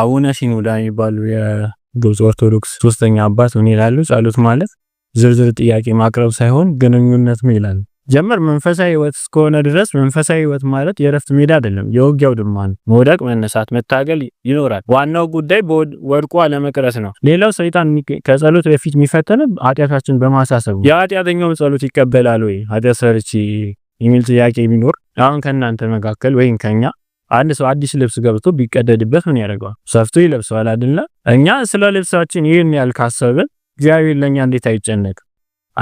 አቡነ ሲኖዳ የሚባሉ የግብፅ ኦርቶዶክስ ሶስተኛ አባት ምን ይላሉ? ጸሎት ማለት ዝርዝር ጥያቄ ማቅረብ ሳይሆን ግንኙነት ነው ይላሉ። ጀመር መንፈሳዊ ህይወት እስከሆነ ድረስ መንፈሳዊ ህይወት ማለት የእረፍት ሜዳ አይደለም፣ የውጊያው ድማ ነው። መውደቅ፣ መነሳት፣ መታገል ይኖራል። ዋናው ጉዳይ ወድቆ አለመቅረት ነው። ሌላው ሰይጣን ከጸሎት በፊት የሚፈተነ ኃጢአታችን በማሳሰብ ነው። ጸሎት ይቀበላል ወይ ኃጢአት ሰርቼ የሚል ጥያቄ ቢኖር አሁን ከእናንተ መካከል ወይም ከኛ አንድ ሰው አዲስ ልብስ ገብቶ ቢቀደድበት ምን ያደርገዋል? ሰፍቶ ይለብሰዋል አይደለ? እኛ ስለ ልብሳችን ይህን ያህል ካሰብን እግዚአብሔር ለእኛ እንዴት አይጨነቅ?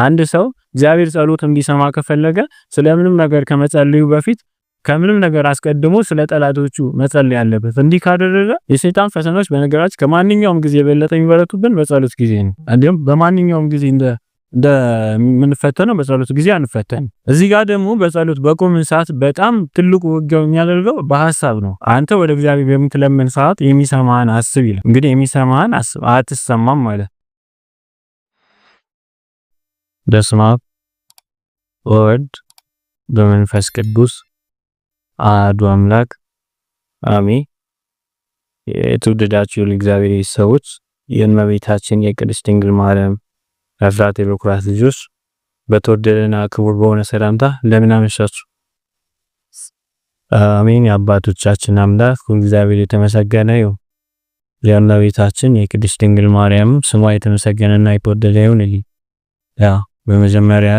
አንድ ሰው እግዚአብሔር ጸሎት እንዲሰማ ከፈለገ ስለምንም ነገር ከመጸልዩ በፊት ከምንም ነገር አስቀድሞ ስለ ጠላቶቹ መጸለይ ያለበት። እንዲህ ካደረገ የሰይጣን ፈተናዎች በነገራችን ከማንኛውም ጊዜ የበለጠ የሚበረቱብን በጸሎት ጊዜ ነው። እንዲሁም በማንኛውም ጊዜ እንደ እንደምንፈተነው በጸሎት ጊዜ አንፈተን። እዚህ ጋር ደግሞ በጸሎት በቆምን ሰዓት በጣም ትልቁ ውጊያው የሚያደርገው በሀሳብ ነው። አንተ ወደ እግዚአብሔር በምትለምን ሰዓት የሚሰማህን አስብ ይላል። እንግዲህ የሚሰማህን አስብ አትሰማም ማለት በስመ አብ ወወልድ በመንፈስ ቅዱስ አሐዱ አምላክ አሜን። የተወደዳችሁ የእግዚአብሔር ሰዎች የእመቤታችን የቅድስት ድንግል ማርያም ኤፍራታ የበኩራት ልጆች በተወደደና ክቡር በሆነ ሰላምታ እንደምን አመሻችሁ። አሜን። የአባቶቻችን አምላክ እግዚአብሔር የተመሰገነ ይሁን። የእመቤታችን የቅድስት ድንግል ማርያም ስሟ የተመሰገነና የተወደደ ይሁን። ያ በመጀመሪያ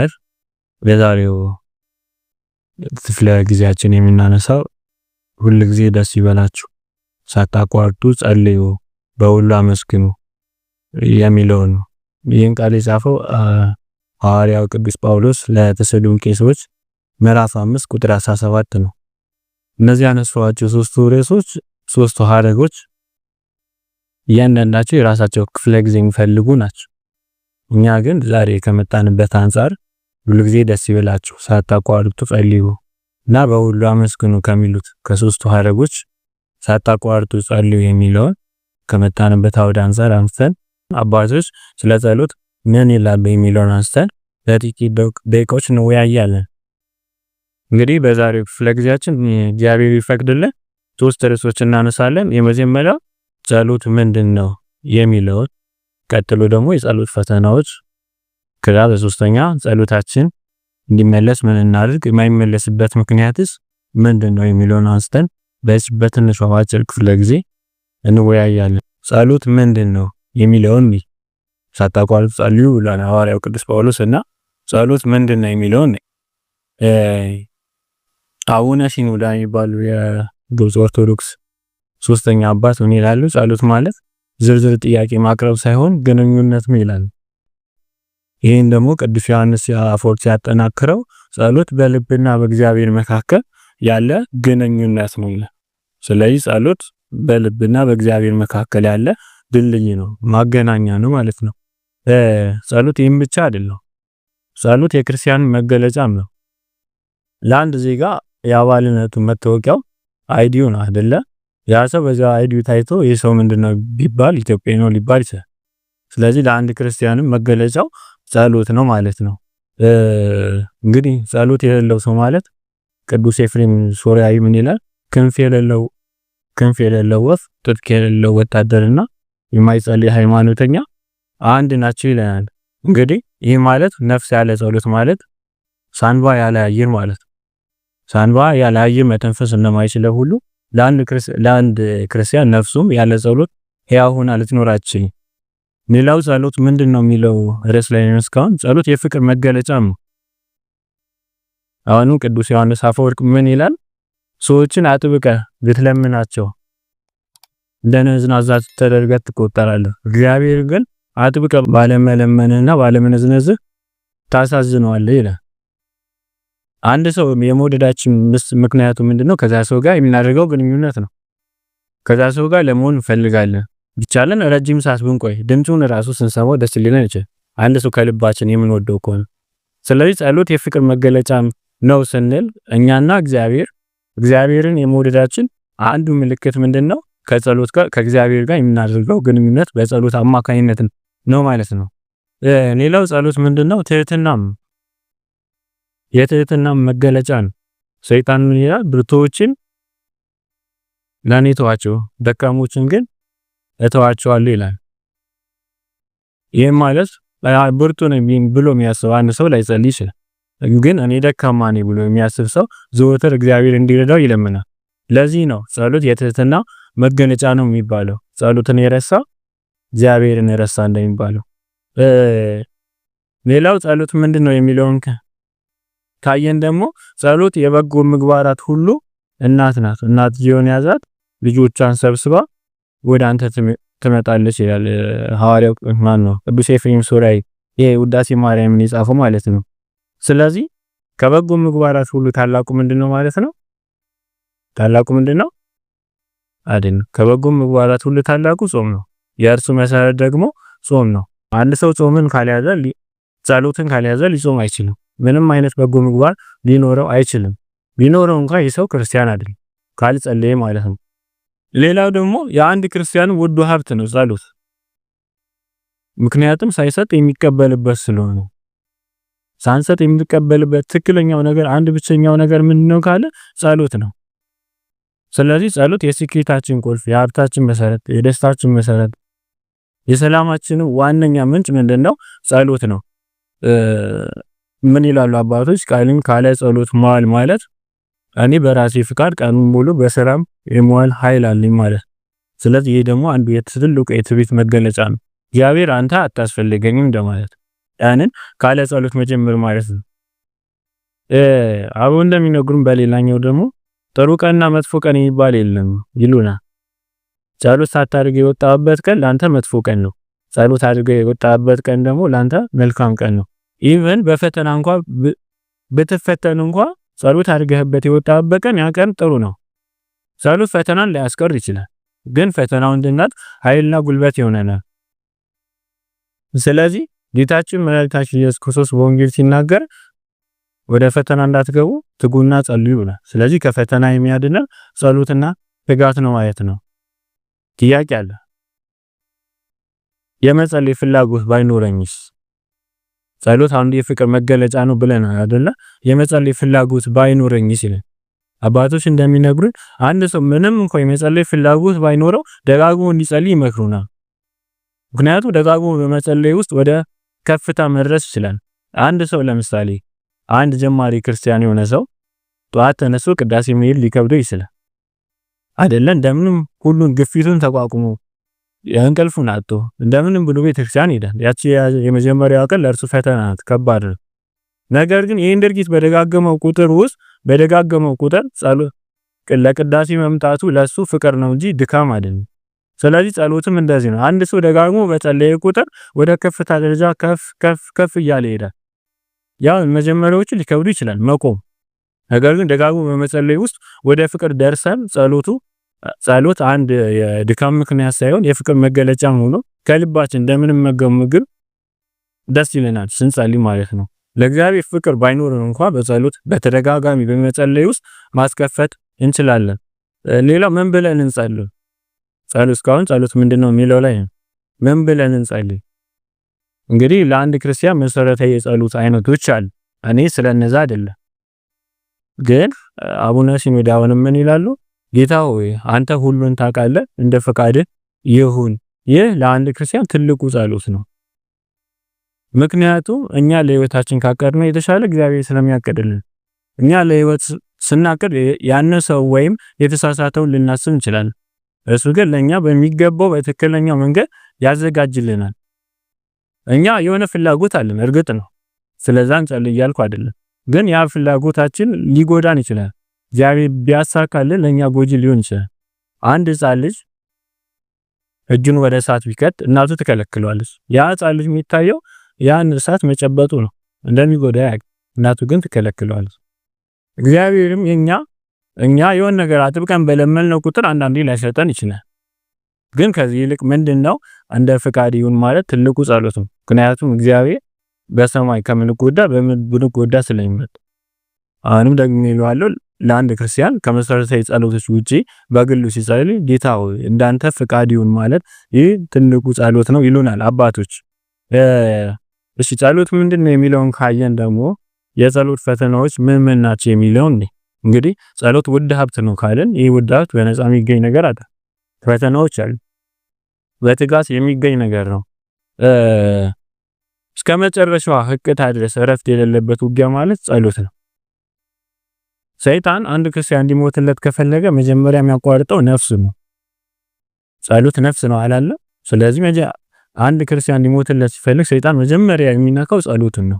በዛሬው ክፍለ ጊዜያችን የምናነሳው ሁል ጊዜ ደስ ይበላችሁ፣ ሳታቋርጡ ጸልዩ፣ በሁሉ አመስግኑ የሚለውን ነው። ይህን ቃል የጻፈው ሐዋርያው ቅዱስ ጳውሎስ ለተሰሎንቄ ሰዎች ምዕራፍ 5 ቁጥር 17 ነው። እነዚህ ያነሷቸው ሶስቱ ርዕሶች ሶስቱ ሐረጎች እያንዳንዳቸው የራሳቸው ክፍለ ጊዜ የሚፈልጉ ናቸው። እኛ ግን ዛሬ ከመጣንበት አንጻር ሁሉ ጊዜ ደስ ይበላችሁ፣ ሳታቋርጡ ጸልዩ እና በሁሉ አመስግኑ ከሚሉት ከሶስቱ ሐረጎች ሳታቋርጡ ጸልዩ የሚለውን ከመጣንበት አውድ አንጻር አንስተን አባቶች ስለ ጸሎት ምን ይላሉ የሚለውን አንስተን ለጥቂት ደቂቃዎች እንወያያለን። እንግዲህ በዛሬው ክፍለ ጊዜያችን እግዚአብሔር ይፈቅድልን ሶስት ርዕሶች እናነሳለን። የመጀመሪያው ጸሎት ምንድን ነው የሚለውን፣ ቀጥሎ ደግሞ የጸሎት ፈተናዎች፣ ከዛ በሶስተኛ ጸሎታችን እንዲመለስ ምን እናድርግ፣ የማይመለስበት ምክንያትስ ምንድን ነው የሚለውን አንስተን በዚህ በትንሹ አጭር ክፍለ ጊዜ እንወያያለን። ጸሎት ምንድን ነው? የሚለውን ሳታቋርጡ ጸልዩ ብሏል ሐዋርያው ቅዱስ ጳውሎስ እና ጸሎት ምንድን ነው የሚለውን አቡነ ሲኖዳ የሚባሉ የግብፅ ኦርቶዶክስ ሶስተኛ አባት ምን ይላሉ? ጸሎት ማለት ዝርዝር ጥያቄ ማቅረብ ሳይሆን ግንኙነት ነው ይላሉ። ይህን ደግሞ ቅዱስ ዮሐንስ አፈወርቅ ሲያጠናክረው ጸሎት በልብና በእግዚአብሔር መካከል ያለ ግንኙነት ነው። ስለዚህ ጸሎት በልብና በእግዚአብሔር መካከል ያለ ድልድይ ነው፣ ማገናኛ ነው ማለት ነው። ጸሎት ይህም ብቻ አይደለም። ጸሎት የክርስቲያን መገለጫም ነው። ለአንድ ዜጋ የአባልነቱ መታወቂያው አይዲዩ ነው አይደለ? ያ ሰው በዚያ አይዲዩ ታይቶ የሰው ምንድነው ቢባል ኢትዮጵያ ነው ሊባል ይችላል። ስለዚህ ለአንድ ክርስቲያንም መገለጫው ጸሎት ነው ማለት ነው። እንግዲህ ጸሎት የሌለው ሰው ማለት ቅዱስ ኤፍሬም ሶርያዊ ምን ይላል? ክንፍ የሌለው ክንፍ የሌለው ወፍ ትጥቅ የሌለው ወታደርና የማይጸልይ ሃይማኖተኛ አንድ ናቸው ይለናል። እንግዲህ ይህ ማለት ነፍስ ያለ ጸሎት ማለት ሳንባ ያለ አየር ማለት ሳንባ ያለ አየር መተንፈስ እንደማይችለው ሁሉ ለአንድ ክርስቲያን ነፍሱም ያለ ጸሎት ሕያው ሆና ልትኖር አትችልም። ሌላው ጸሎት ምንድን ነው የሚለው ርዕስ ላይ ነው። እስካሁን ጸሎት የፍቅር መገለጫ ነው። አሁንም ቅዱስ ዮሐንስ አፈወርቅ ምን ይላል? ሰዎችን አጥብቀ ብትለምናቸው እንደ ነዝናዛ ተደርገህ ትቆጠራለህ። እግዚአብሔር ግን አጥብቀ ባለመለመንና ባለመነዝነዝ ታሳዝነዋለህ ይላል። አንድ ሰው የመውደዳችን ምክንያቱ ምንድነው? ከዛ ሰው ጋር የምናደርገው ግንኙነት ነው። ከዛ ሰው ጋር ለመሆን እንፈልጋለን። ቢቻለን ረጅም ሰዓት ብንቆይ ድምፁን ራሱ ስንሰማው ደስ ሊለን ይችላል። አንድ ሰው ከልባችን የምንወደው ከሆነ ስለዚህ ጸሎት የፍቅር መገለጫ ነው ስንል እኛና እግዚአብሔር እግዚአብሔርን የመውደዳችን አንዱ ምልክት ምንድነው? ከጸሎት ጋር ከእግዚአብሔር ጋር የምናደርገው ግንኙነት በጸሎት አማካኝነት ነው ማለት ነው። ሌላው ጸሎት ምንድነው? ትህትናም የትህትናም መገለጫ ነው። ሰይጣን ምን ይላል? ብርቱዎችን ለእኔ ተዋቸው፣ ደካሞችን ግን እተዋቸዋለሁ ይላል። ይህም ማለት ብርቱ ነኝ ብሎ የሚያስብ አንድ ሰው ላይጸልይ ይችላል። ግን እኔ ደካማ ነኝ ብሎ የሚያስብ ሰው ዘወትር እግዚአብሔር እንዲረዳው ይለምናል። ለዚህ ነው ጸሎት የትህትና መገለጫ ነው የሚባለው። ጸሎትን የረሳ እግዚአብሔርን የረሳ እንደሚባለው። ሌላው ጸሎት ምንድን ነው የሚለውን ካየን ደግሞ ጸሎት የበጎ ምግባራት ሁሉ እናት ናት። እናት ጊዮን ያዛት ልጆቿን ሰብስባ ወደ አንተ ትመጣለች ይላል ሐዋርያው ማን ነው? ቅዱስ ኤፍሬም ሶርያዊ ይሄ ውዳሴ ማርያምን የጻፈው ማለት ነው። ስለዚህ ከበጎ ምግባራት ሁሉ ታላቁ ምንድነው ማለት ነው? ታላቁ ምንድነው? አይደለም። ከበጎ ምግባራት ሁሉ ታላቁ ጾም ነው። የእርሱ መሰረት ደግሞ ጾም ነው። አንድ ሰው ጾምን ካልያዘ፣ ጸሎትን ካልያዘ ሊጾም አይችልም። ምንም አይነት በጎ ምግባር ሊኖረው አይችልም። ቢኖረው እንኳ ይህ ሰው ክርስቲያን አይደለም፣ ካልጸለየ ማለት ነው። ሌላው ደግሞ የአንድ ክርስቲያን ውዱ ሀብት ነው ጸሎት። ምክንያቱም ሳይሰጥ የሚቀበልበት ስለሆነ ሳንሰጥ የሚቀበልበት ትክክለኛው ነገር አንድ ብቸኛው ነገር ምንድነው ካለ ጸሎት ነው። ስለዚህ ጸሎት የስኬታችን ቁልፍ፣ የሀብታችን መሰረት፣ የደስታችን መሰረት፣ የሰላማችን ዋነኛ ምንጭ ምንድነው? ጸሎት ነው። ምን ይላሉ አባቶች? ቀንን ካለ ጸሎት መዋል ማለት እኔ በራሴ ፍቃድ ቀኑን ሙሉ በስራም የመዋል ኃይል አለኝ ማለት። ስለዚህ ይህ ደግሞ አንዱ የትልቁ የትዕቢት መገለጫ ነው። እግዚአብሔር አንተ አታስፈልገኝም እንደማለት፣ ያንን ካለ ጸሎት መጀመር ማለት ነው። አሁን እንደሚነግሩን በሌላኛው ደግሞ ጥሩ ቀንና መጥፎ ቀን የሚባል የለም ይሉና ጸሎት ሳታደርግ የወጣበት ቀን ላንተ መጥፎ ቀን ነው። ጸሎት አድርገህ የወጣበት ቀን ደግሞ ላንተ መልካም ቀን ነው። ኢቨን በፈተና እንኳ ብትፈተን እንኳ ጸሎት አድርገህበት የወጣበት ቀን ያ ቀን ጥሩ ነው። ጸሎት ፈተናን ሊያስቀር ይችላል፣ ግን ፈተናው እንድናት ኃይልና ጉልበት ይሆነናል። ስለዚህ ጌታችን መድኃኒታችን ኢየሱስ ክርስቶስ በወንጌል ሲናገር ወደ ፈተና እንዳትገቡ ትጉና ጸልዩ ይሆናል። ስለዚህ ከፈተና የሚያድነ ጸሎትና ትጋት ነው ማለት ነው። ጥያቄ አለ። የመጸለይ ፍላጎት ባይኖረኝስ? ጸሎት አንዱ የፍቅር መገለጫ ነው ብለን አይደለ? የመጸለይ ፍላጎት ባይኖረኝስ ይላል። አባቶች እንደሚነግሩን አንድ ሰው ምንም እንኳ የመጸለይ ፍላጎት ባይኖረው ደጋግሞ እንዲጸልይ ይመክሩናል። ምክንያቱም ደጋግሞ በመጸለይ ውስጥ ወደ ከፍታ መድረስ ይችላል። አንድ ሰው ለምሳሌ አንድ ጀማሪ ክርስቲያን የሆነ ሰው ጠዋት ተነስቶ ቅዳሴ መሄድ ሊከብደው ይችላል አይደለ? እንደምንም ሁሉን ግፊቱን ተቋቁሞ እንቅልፉን አጥቶ እንደምንም ብሎ ቤተክርስቲያን ይሄዳል። ያቺ የመጀመሪያዋ ቀን ለእርሱ ፈተና ናት፣ ከባድ ነው። ነገር ግን ይህን ድርጊት በደጋገመው ቁጥር ውስጥ በደጋገመው ቁጥር ጸሎት ለቅዳሴ መምጣቱ ለሱ ፍቅር ነው እንጂ ድካም አይደለም። ስለዚህ ጸሎትም እንደዚህ ነው። አንድ ሰው ደጋግሞ በጸለየ ቁጥር ወደ ከፍታ ደረጃ ከፍ ከፍ ከፍ እያለ ይሄዳል። ያ መጀመሪያዎቹ ሊከብዱ ይችላል መቆም። ነገር ግን ደጋግሞ በመጸለይ ውስጥ ወደ ፍቅር ደርሰን ጸሎቱ ጸሎት አንድ የድካም ምክንያት ሳይሆን የፍቅር መገለጫ ሆኖ ከልባችን እንደምንመገብ ምግብ ደስ ይለናል ስንጸልይ ማለት ነው። ለእግዚአብሔር ፍቅር ባይኖርን እንኳ በጸሎት በተደጋጋሚ በመጸለይ ውስጥ ማስከፈት እንችላለን። ሌላው ምን ብለን እንጸልይ? ጸሎት እስካሁን ጸሎት ምንድነው የሚለው ላይ ምን ብለን እንጸልይ? እንግዲህ ለአንድ ክርስቲያን መሰረታዊ የጸሎት አይነቶች አሉ። እኔ ስለነዛ አይደለም ግን አቡነ ሲኖዳ ምን ይላሉ? ጌታ ሆይ አንተ ሁሉን ታውቃለህ፣ እንደ ፈቃድ ይሁን። ይህ ለአንድ ክርስቲያን ትልቁ ጸሎት ነው። ምክንያቱም እኛ ለህይወታችን ካቀድነው የተሻለ እግዚአብሔር ስለሚያቀድልን እኛ ለህይወት ስናቅድ ያነሰው ወይም የተሳሳተውን ልናስብ እንችላለን። እሱ ግን ለእኛ በሚገባው በትክክለኛው መንገድ ያዘጋጅልናል። እኛ የሆነ ፍላጎት አለን፣ እርግጥ ነው ስለዛ እንጸልይ እያልኩ አይደለም። ግን ያ ፍላጎታችን ሊጎዳን ይችላል። እግዚአብሔር ቢያሳካልን ለኛ ጎጂ ሊሆን ይችላል። አንድ ህፃን ልጅ እጁን ወደ እሳት ቢከት እናቱ ትከለክለዋለች። ያ ህፃን ልጅ የሚታየው ያን እሳት መጨበጡ ነው፣ እንደሚጎዳ ያ እናቱ ግን ትከለክለዋለች። እግዚአብሔርም የኛ እኛ የሆነ ነገር አጥብቀን በለመልነው ቁጥር አንዳንዴ ላይሰጠን ይችላል። ግን ከዚህ ይልቅ ምንድን ነው እንደ ፍቃድ ይሁን ማለት ትልቁ ጸሎት ነው። ምክንያቱም እግዚአብሔር በሰማይ ከምንጎዳ ብንጎዳ ስለሚመጥ። አሁንም ደግሞ ይለዋለሁ ለአንድ ክርስቲያን ከመሰረታዊ ጸሎቶች ውጪ በግሉ ሲጸልይ ጌታ እንዳንተ ፍቃድ ይሁን ማለት ይህ ትልቁ ጸሎት ነው ይሉናል አባቶች። እሺ ጸሎት ምንድን ነው የሚለውን ካየን ደግሞ የጸሎት ፈተናዎች ምን ምን ናቸው የሚለውን እንግዲህ ጸሎት ውድ ሀብት ነው ካለን ይህ ውድ ሀብት በነፃ የሚገኝ ነገር አለ ፈተናዎች አሉ። በትጋት የሚገኝ ነገር ነው። እስከ መጨረሻዋ ህቅታ ድረስ እረፍት የሌለበት ውጊያ ማለት ጸሎት ነው። ሰይጣን አንድ ክርስቲያን እንዲሞትለት ከፈለገ መጀመሪያ የሚያቋርጠው ነፍስ ነው። ጸሎት ነፍስ ነው አላለ። ስለዚህ አንድ ክርስቲያን እንዲሞትለት ሲፈልግ ሰይጣን መጀመሪያ የሚነካው ጸሎትን ነው።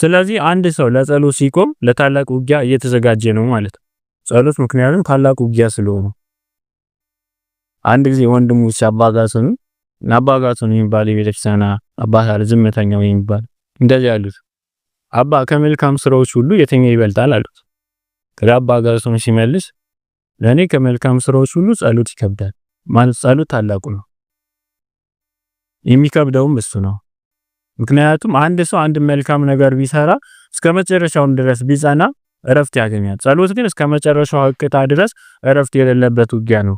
ስለዚህ አንድ ሰው ለጸሎት ሲቆም ለታላቅ ውጊያ እየተዘጋጀ ነው ማለት ነው። ጸሎት ምክንያቱም ታላቁ ውጊያ ስለሆነ አንድ ጊዜ ወንድሙ ሲያባጋሰኑ ናባጋሰኑ የሚባል የቤተክርስቲያን አባት አለ፣ ዝምተኛው የሚባል እንደዚህ ያሉት አባ ከመልካም ስራዎች ሁሉ የትኛው ይበልጣል አሉት። ከዛ አባጋሰኑ ሲመልስ ለእኔ ከመልካም ስራዎች ሁሉ ጸሎት ይከብዳል። ማለት ጸሎት ታላቁ ነው፣ የሚከብደውም እሱ ነው። ምክንያቱም አንድ ሰው አንድ መልካም ነገር ቢሰራ እስከ መጨረሻውም ድረስ ቢጸና እረፍት ያገኛል። ጸሎት ግን እስከ መጨረሻው ሕቅታ ድረስ እረፍት የሌለበት ውጊያ ነው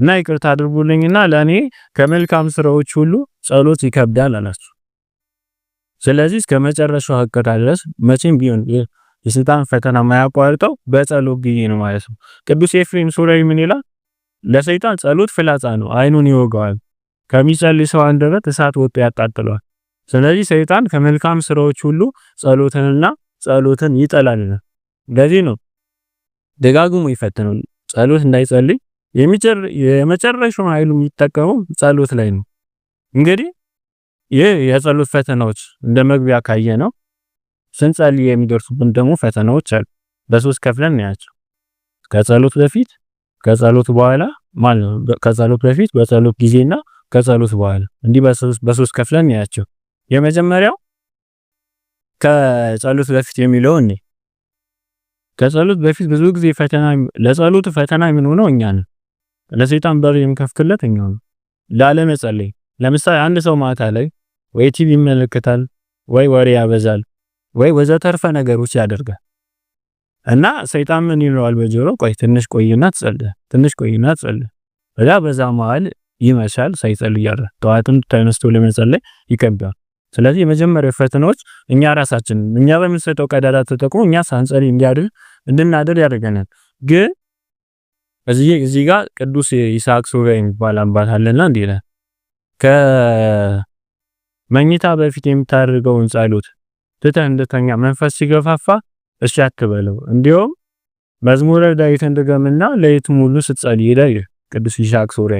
እና ይቅርታ አድርጉልኝና ለእኔ ከመልካም ስራዎች ሁሉ ጸሎት ይከብዳል አላችሁ። ስለዚህ እስከ መጨረሻው ሕቅታ ድረስ መቼም ቢሆን የሰይጣን ፈተና ማያቋርጠው በጸሎት ጊዜ ነው ማለት ነው። ቅዱስ ኤፍሬም ሱሪያዊ ምን ይላል? ለሰይጣን ጸሎት ፍላጻ ነው፣ አይኑን ይወጋዋል፣ ከሚጸልይ ሰው አንደበት እሳት ወጥቶ ያቃጥለዋል። ስለዚህ ሰይጣን ከመልካም ስራዎች ሁሉ ጸሎትንና ጸሎትን ይጠላልና ለዚህ ነው ደጋግሞ ይፈተነው። ጸሎት እንዳይጸልይ የሚጨር የመጨረሻውን ኃይሉ የሚጠቀመው ጸሎት ላይ ነው። እንግዲህ ይህ የጸሎት ፈተናዎች እንደ መግቢያ ካየ ነው። ስንጸልይ የሚደርሱብን ደግሞ ፈተናዎች አሉ። በሶስት ከፍለን ያቸው ከጸሎት በፊት፣ ከጸሎት በኋላ ማለት ነው። ከጸሎት በፊት፣ በጸሎት ጊዜና ከጸሎት በኋላ እንዲህ በሶስት ከፍለን ያቸው። የመጀመሪያው ከጸሎት በፊት የሚለው እኔ ከጸሎት በፊት ብዙ ጊዜ ፈተና ለጸሎት ፈተና የምንሆነው እኛ ነን። ለሰይጣን በር የምንከፍትለት እኛ ነን። ላለመጸለይ ለምሳሌ አንድ ሰው ማታ ላይ ወይ ቲቪ ይመለከታል ወይ ወሬ ያበዛል ወይ ወዘተርፈ ነገሮች ያደርጋል እና ሰይጣን ምን ይለዋል በጆሮ ቆይ ትንሽ ቆይና ትጸልይ፣ ትንሽ ቆይና ትጸልይ። በዛ በዛ መሀል ይመሻል ሳይጸልይ ያድራል። ጠዋትም ተነስቶ ለመጸለይ ይከብዳል። ስለዚህ የመጀመሪያው ፈተናዎች እኛ ራሳችን እኛ በምንሰጠው ቀዳዳ ተጠቅሞ እኛ ሳንጸሪ እንዲያድር እንድናድር ያደርገናል። ግን እዚህ እዚህ ጋር ቅዱስ ይስሐቅ ሱሪ የሚባል አባት አለና እንዲህ ይላል ከመኝታ በፊት የምታደርገውን ጸሎት ትተህ እንደተኛ መንፈስ ሲገፋፋ እሺ አትበለው። እንዲሁም መዝሙረ ዳዊት እንደገምና ለይት ሙሉ ስትጸልይ ይላል ቅዱስ ይስሐቅ ሱሪ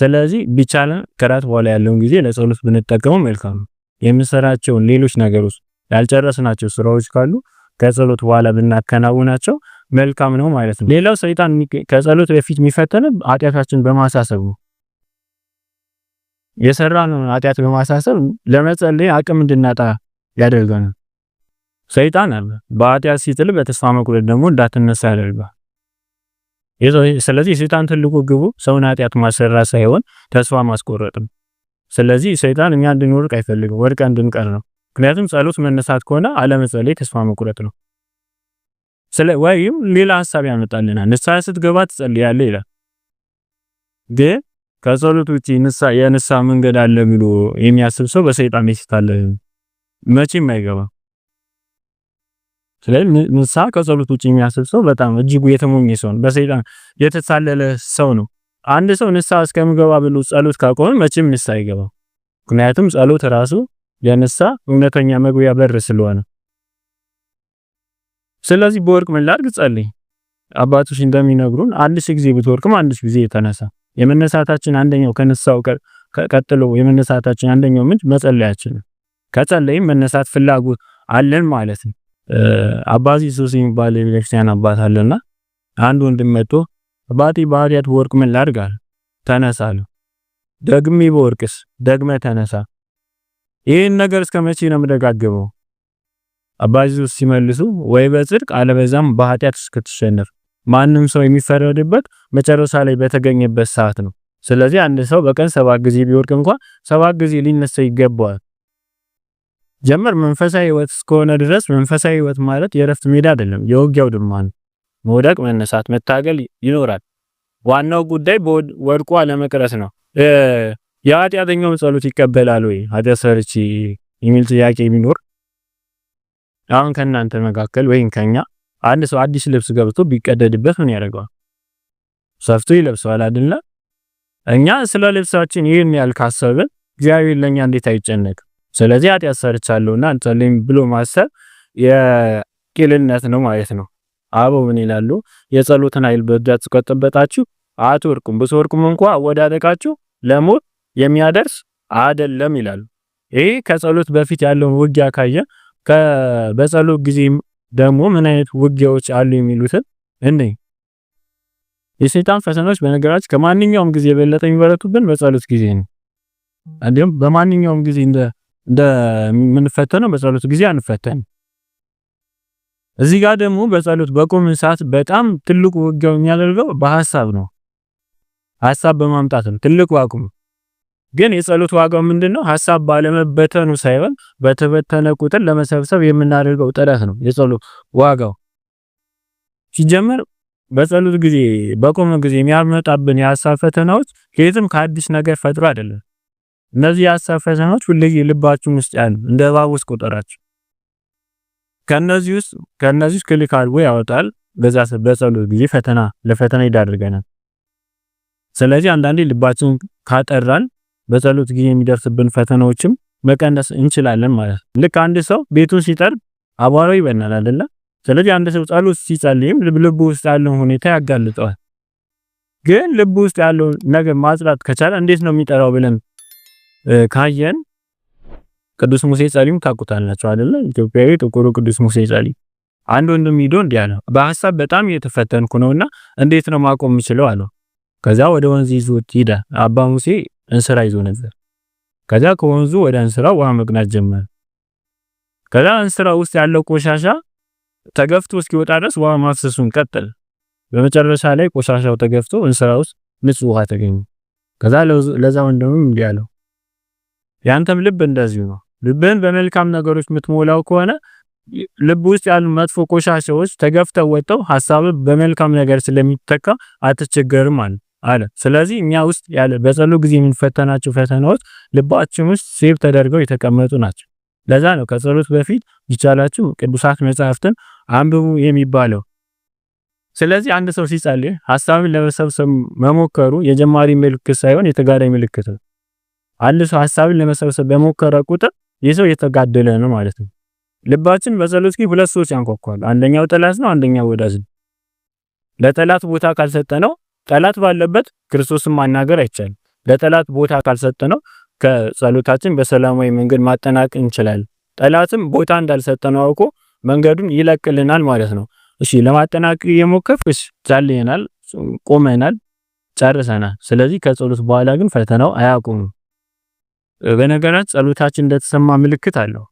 ስለዚህ ቢቻለን ከራት በኋላ ያለውን ጊዜ ለጸሎት ብንጠቀመው መልካም ነው። የምንሰራቸውን ሌሎች ነገሮች ያልጨረስናቸው ስራዎች ካሉ ከጸሎት በኋላ ብናከናውናቸው መልካም ነው ማለት ነው። ሌላው ሰይጣን ከጸሎት በፊት የሚፈተነ ኃጢአታችን በማሳሰብ ነው። የሰራነውን ኃጢአት በማሳሰብ ለመጸለይ አቅም እንድናጣ ያደርገናል። ሰይጣን አለ በኃጢአት ሲጥል በተስፋ መቁረጥ ደግሞ እንዳትነሳ ያደርጋል። ስለዚህ ሰይጣን ትልቁ ግቡ ሰውን ኃጢአት ማሰራ ሳይሆን ተስፋ ማስቆረጥ ነው። ስለዚህ ሰይጣን እኛ እንድንወድቅ አይፈልግም፣ ወድቀ እንድንቀር ነው። ምክንያቱም ጸሎት መነሳት ከሆነ አለመጸለይ ተስፋ መቁረጥ ነው። ወይም ሌላ ሀሳብ ያመጣልናል። ንስሐ ስትገባ ትጸልያለህ ይላል። ግን ከጸሎት ውጭ የንስሐ መንገድ አለ ብሎ የሚያስብ ሰው በሰይጣን ይስታለ፣ መቼም አይገባም። ስለዚህ ንስሐ ከጸሎት ውጭ የሚያስብ ሰው በጣም እጅጉ የተሞኘ ሰው ነው፣ በሰይጣን የተሳለለ ሰው ነው። አንድ ሰው ንስሐ እስከሚገባ ብሎ ጸሎት ካቆመ መቼም ንስሐ አይገባም። ምክንያቱም ጸሎት ራሱ ለንስሐ እውነተኛ መግቢያ በር ስለሆነ፣ ስለዚህ በወርቅ ምን ላድርግ ጸልይ። አባቶች እንደሚነግሩን አንድ ሺህ ጊዜ ብትወርቅም አንድ ሺህ ጊዜ የተነሳ የመነሳታችን አንደኛው ከንስሐው ቀጥሎ የመነሳታችን አንደኛው ምንጭ መጸለያችን፣ ከጸለይም መነሳት ፍላጎት አለን ማለት ነው። አባዚ ሱስ የሚባል የቤተክርስቲያን አባት አለና አንድ ወንድም መጥቶ አባቴ ባህሪያት ወርቅ ምን ላድርጋል? ተነሳ ደግሜ በወርቅስ? ደግመ ተነሳ። ይህን ነገር እስከ መቼ ነው የምደጋግመው? አባዚ ሱስ ሲመልሱ ወይ በጽድቅ አለበዛም በኃጢአት እስክትሸነፍ ማንም ሰው የሚፈረድበት መጨረሻ ላይ በተገኘበት ሰዓት ነው። ስለዚህ አንድ ሰው በቀን ሰባት ጊዜ ቢወርቅ እንኳን ሰባት ጊዜ ሊነሳ ይገባዋል። ጀመር መንፈሳዊ ህይወት እስከሆነ ድረስ መንፈሳዊ ህይወት ማለት የእረፍት ሜዳ አይደለም፣ የውጊያው ድማ ነው። መውደቅ፣ መነሳት፣ መታገል ይኖራል። ዋናው ጉዳይ ወድቆ አለመቅረት ነው። የኃጢአተኛውም ጸሎት ይቀበላል ወይ ኃጢአት ሰርቼ የሚል ጥያቄ ቢኖር አሁን ከእናንተ መካከል ወይም ከኛ አንድ ሰው አዲስ ልብስ ገብቶ ቢቀደድበት ምን ያደርገዋል? ሰፍቶ ይለብሰዋል አይደለ? እኛ ስለ ልብሳችን ይህን ያህል ካሰብን እግዚአብሔር ለእኛ እንዴት አይጨነቅም? ስለዚህ ኃጢአት ሰርቻለሁና አንጸልይም ብሎ ማሰብ የቂልነት ነው ማለት ነው። አበው ምን ይላሉ? የጸሎትን ኃይል በእጃችሁ ከተጨበጣችሁ አትወድቁም፣ ብትወድቁም እንኳ ወደ ለሞት የሚያደርስ አይደለም ይላሉ። ይህ ከጸሎት በፊት ያለውን ውጊያ ካየ በጸሎት ጊዜ ደግሞ ምን አይነት ውጊያዎች አሉ የሚሉትን እንዴ የሰይጣን ፈተናዎች በነገራችን ከማንኛውም ጊዜ የበለጠ የሚበረቱብን በጸሎት ጊዜ ነው። እንዲሁም በማንኛውም ጊዜ እንደ እንደምንፈተነው በጸሎት ጊዜ አንፈተን። እዚህ ጋር ደግሞ በጸሎት በቆምን ሰዓት በጣም ትልቁ ውጊያው የሚያደርገው በሀሳብ ነው። ሐሳብ በማምጣት ነው ትልቁ አቁም። ግን የጸሎት ዋጋው ምንድነው? ሀሳብ ባለመበተኑ ሳይሆን በተበተነ ቁጥር ለመሰብሰብ የምናደርገው ጥረት ነው የጸሎት ዋጋው። ሲጀምር በጸሎት ጊዜ በቆመ ጊዜ የሚያመጣብን የሀሳብ ፈተናዎች ከየትም ከአዲስ ነገር ፈጥሮ አይደለም። እነዚህ የሀሳብ ፈተናዎች ሁሌ ልባችሁ ውስጥ ያሉ እንደ እባብ ውስጥ ቁጠራቸው። ከነዚህ ውስጥ ከነዚህ ውስጥ ክሊክ አድርጎ ያወጣል። በዛ በጸሎት ጊዜ ፈተና ለፈተና ይዳርገናል። ስለዚህ አንዳንዴ ልባችን ካጠራን በጸሎት ጊዜ የሚደርስብን ፈተናዎችም መቀነስ እንችላለን ማለት ነው። ልክ አንድ ሰው ቤቱን ሲጠርግ አቧራው ይበናል አይደለ? ስለዚህ አንድ ሰው ጸሎት ሲጸልይም ልቡ ውስጥ ያለውን ሁኔታ ያጋልጠዋል። ግን ልብ ውስጥ ያለውን ነገር ማጽዳት ከቻለ እንዴት ነው የሚጠራው ብለን ካየን ቅዱስ ሙሴ ጸሊም ታውቁታላችሁ አይደለ? ኢትዮጵያዊ ጥቁሩ ቅዱስ ሙሴ ጸሊም አንድ ወንድም ሂዶ እንዲህ አለ፣ በሀሳብ በጣም እየተፈተንኩ ነውና እንዴት ነው ማቆም የምችለው አለው። ከዛ ወደ ወንዝ ይዞት ሄደ። አባ ሙሴ እንስራ ይዞ ነበር። ከዛ ከወንዙ ወደ እንስራ ውሃ መግናት ጀመረ። ከዛ እንስራ ውስጥ ያለው ቆሻሻ ተገፍቶ እስኪወጣ ድረስ ውሃ ማፍሰሱን ቀጠለ። በመጨረሻ ላይ ቆሻሻው ተገፍቶ እንስራ ውስጥ ንጹህ ውሃ ተገኘ። ከዛ ለዛ ወንድምም እንዲህ አለው ያንተም ልብ እንደዚሁ ነው። ልብን በመልካም ነገሮች የምትሞላው ከሆነ ልብ ውስጥ ያሉ መጥፎ ቆሻሻዎች ተገፍተው ወጥተው ሀሳብ በመልካም ነገር ስለሚተካ አትቸገርም አለ። ስለዚህ እኛ ውስጥ ያለ በጸሎት ጊዜ የምንፈተናቸው ፈተናዎች ልባችን ውስጥ ሴብ ተደርገው የተቀመጡ ናቸው። ለዛ ነው ከጸሎት በፊት ይቻላችሁ ቅዱሳት መጽሐፍትን አንብቡ የሚባለው። ስለዚህ አንድ ሰው ሲጸልይ ሀሳብን ለመሰብሰብ መሞከሩ የጀማሪ ምልክት ሳይሆን የተጋዳይ ምልክት ነው። አንድ ሰው ሀሳብን ለመሰብሰብ በሞከረ ቁጥር ይህ ሰው እየተጋደለ ነው ማለት ነው። ልባችን በጸሎት ጊዜ ሁለት ሰዎች ያንኳኳል። አንደኛው ጠላት ነው፣ አንደኛው ወዳጅ ነው። ለጠላት ቦታ ካልሰጠነው ጠላት ባለበት ክርስቶስን ማናገር አይቻልም። ለጠላት ቦታ ካልሰጠነው ከጸሎታችን በሰላማዊ መንገድ ማጠናቀቅ እንችላለን። ጠላትም ቦታ እንዳልሰጠነው አውቆ መንገዱን ይለቅልናል ማለት ነው። እሺ ለማጠናቅ የሞከፍሽ ዛልየናል፣ ቆመናል፣ ጨርሰናል። ስለዚህ ከጸሎት በኋላ ግን ፈተናው አያቆምም። በነገራት ጸሎታችን እንደተሰማ ምልክት አለው።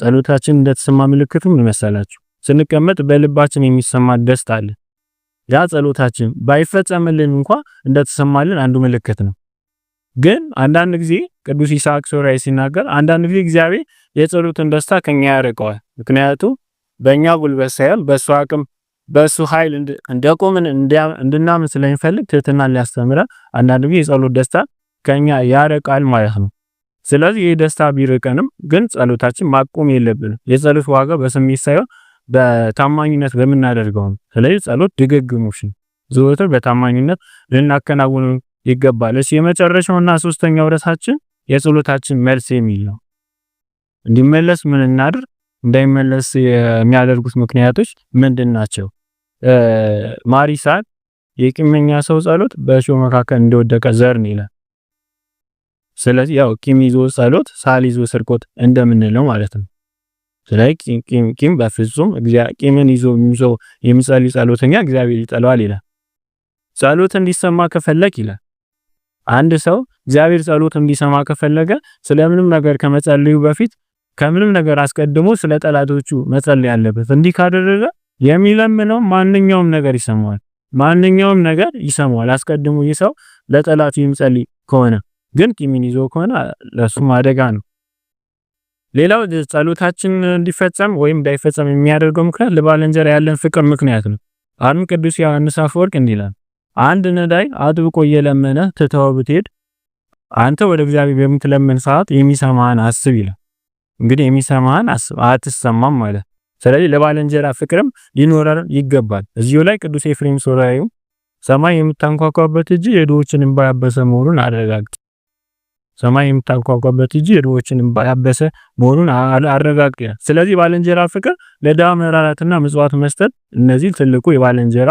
ጸሎታችን እንደተሰማ ምልክቱ ምን መሰላችሁ? ስንቀመጥ በልባችን የሚሰማ ደስታ አለ። ያ ጸሎታችን ባይፈጸምልን እንኳ እንደተሰማልን አንዱ ምልክት ነው። ግን አንዳንድ ጊዜ ቅዱስ ይስሐቅ ሶራይ ሲናገር አንዳንድ ጊዜ እግዚአብሔር የጸሎትን ደስታ ከኛ ያርቀዋል። ምክንያቱም በእኛ ጉልበት ሳይሆን በእሱ አቅም በእሱ ኃይል እንደቆምን እንድናምን ስለሚፈልግ ትህትና ሊያስተምረ አንዳንድ ጊዜ የጸሎት ደስታ ከኛ ያርቃል ማለት ነው። ስለዚህ ይህ ደስታ ቢርቀንም ግን ጸሎታችን ማቆም የለብንም። የጸሎት ዋጋ በስሜት ሳይሆን በታማኝነት በምናደርገው ነው። ስለዚህ ጸሎት ድግግሞሽ ነው፣ ዘወትር በታማኝነት ልናከናውን ይገባል። እሺ የመጨረሻውና ሶስተኛው ርዕሳችን የጸሎታችን መልስ የሚል ነው። እንዲመለስ ምን እናድር? እንዳይመለስ የሚያደርጉት ምክንያቶች ምንድን ናቸው? ማሪ የቂመኛ ሰው ጸሎት በእሾህ መካከል እንደወደቀ ዘር ነው ይላል። ስለዚህ ያው ቂም ይዞ ጸሎት ሳል ይዞ ስርቆት እንደምንለው ማለት ነው። ስለዚህ ቂም ቂም በፍጹም ቂምን ይዞ የሚጸልይ ጸሎተኛ እግዚአብሔር ይጠላዋል ይላል። ጸሎት እንዲሰማ ከፈለግ ይላል አንድ ሰው እግዚአብሔር ጸሎት እንዲሰማ ከፈለገ ስለምንም ነገር ከመጸልዩ በፊት ከምንም ነገር አስቀድሞ ስለ ጠላቶቹ መጸለይ ያለበት። እንዲህ ካደረገ የሚለምነው ማንኛውም ነገር ይሰማዋል። ማንኛውም ነገር ይሰማዋል። አስቀድሞ ይህ ሰው ለጠላቱ ይምጸልይ ከሆነ ግን ቂምን ይዞ ከሆነ ለሱም አደጋ ነው። ሌላው ጸሎታችን እንዲፈጸም ወይም እንዳይፈጸም የሚያደርገው ምክንያት ለባልንጀራ ያለን ፍቅር ምክንያት ነው። አርም ቅዱስ ዮሐንስ አፈወርቅ እንዲላል አንድ ነዳይ አጥብቆ እየለመነ ትተኸው ብትሄድ አንተ ወደ እግዚአብሔር በምትለምን ሰዓት የሚሰማህን አስብ ይላል። እንግዲህ የሚሰማህን አስብ አትሰማም ማለት። ስለዚህ ለባልንጀራ ፍቅርም ሊኖረን ይገባል። እዚሁ ላይ ቅዱስ ኤፍሬም ሶርያዊው ሰማይ የምታንኳኳበት እጅ የድሆችን እንባ ያበሰ መሆኑን አረጋግጥ ሰማይ የምታንኳኳበት እንጂ ድሆችንም ባያበሰ መሆኑን አረጋግጥ። ስለዚህ ባልንጀራ ፍቅር፣ ለድሃ መራራትና ምጽዋት መስጠት፣ እነዚህ ትልቁ የባልንጀራ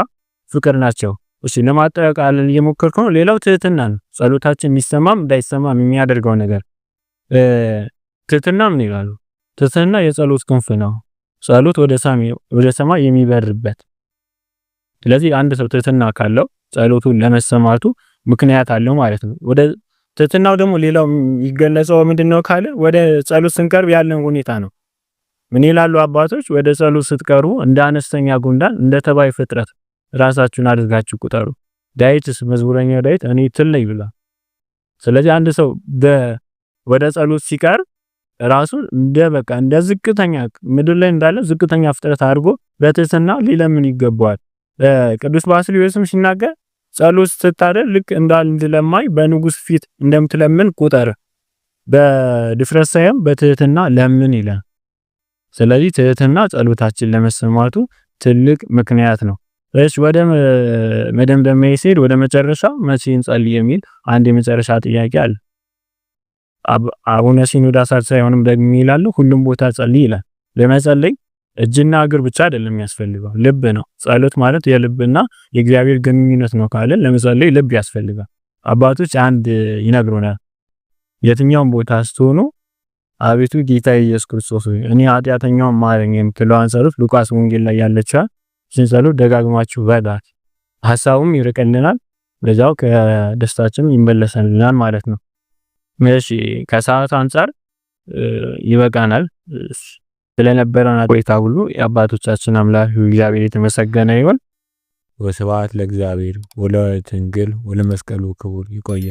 ፍቅር ናቸው። እሺ ለማጠቃለል እየሞከርኩ ነው። ሌላው ትህትና ነው። ጸሎታችን የሚሰማም እንዳይሰማም የሚያደርገው ነገር ትህትና ምን ይላሉ? ትህትና የጸሎት ክንፍ ነው። ጸሎት ወደ ሰማይ የሚበርበት። ስለዚህ አንድ ሰው ትህትና ካለው ጸሎቱን ለመሰማቱ ምክንያት አለው ማለት ነው። ትህትናው ደግሞ ሌላው የሚገለጸው ምንድነው ካለ ወደ ጸሎት ስንቀርብ ያለን ሁኔታ ነው። ምን ይላሉ አባቶች? ወደ ጸሎት ስትቀርቡ እንደ አነስተኛ ጉንዳን፣ እንደ ተባይ ፍጥረት ራሳችሁን አድርጋችሁ ቁጠሩ። ዳዊትስ መዝሙረኛ ዳዊት እኔ ትል ነኝ ብሏል። ስለዚህ አንድ ሰው ወደ ጸሎት ሲቀርብ ራሱን እንደ በቃ እንደ ዝቅተኛ ምድር ላይ እንዳለ ዝቅተኛ ፍጥረት አድርጎ በትህትና ሊለምን ይገባዋል። ቅዱስ ባስልዮስም ሲናገር ጸሎት ስታደር ልክ እንዳንድ ለማኝ በንጉስ ፊት እንደምትለምን ቁጠር። በድፍረት ሳይሆን በትህትና ለምን ይላል። ስለዚህ ትህትና ጸሎታችን ለመሰማቱ ትልቅ ምክንያት ነው። እሺ ወደ መደምደሚያ ሲሄድ ወደ መጨረሻ መቼ እንጸልይ የሚል አንድ የመጨረሻ ጥያቄ አለ። አቡነ ሲኖዳ ሳይሆንም ደግሞ ይላሉ ሁሉም ቦታ ጸልይ ይላል። ለመጸለይ እጅና እግር ብቻ አይደለም የሚያስፈልገው፣ ልብ ነው። ጸሎት ማለት የልብና የእግዚአብሔር ግንኙነት ነው ካለ ለምሳሌ ልብ ያስፈልጋል። አባቶች አንድ ይነግሩናል። የትኛውም ቦታ ስትሆኑ አቤቱ ጌታ ኢየሱስ ክርስቶስ ሆይ እኔ ኃጢአተኛውን ማረኝ የምትለዋን ጸሎት ሉቃስ ወንጌል ላይ ያለቻት እችን ደጋግማችሁ በላት። ሀሳቡም ይርቀልናል ለዛው ከደስታችን ይመለሰልናል ማለት ነው። እሺ ከሰዓት አንጻር ይበቃናል። ስለነበረን ቆይታ ሁሉ የአባቶቻችን አምላክ እግዚአብሔር የተመሰገነ ይሁን። ወስብሐት ለእግዚአብሔር ወለወላዲቱ ድንግል ወለመስቀሉ ክቡር። ይቆየ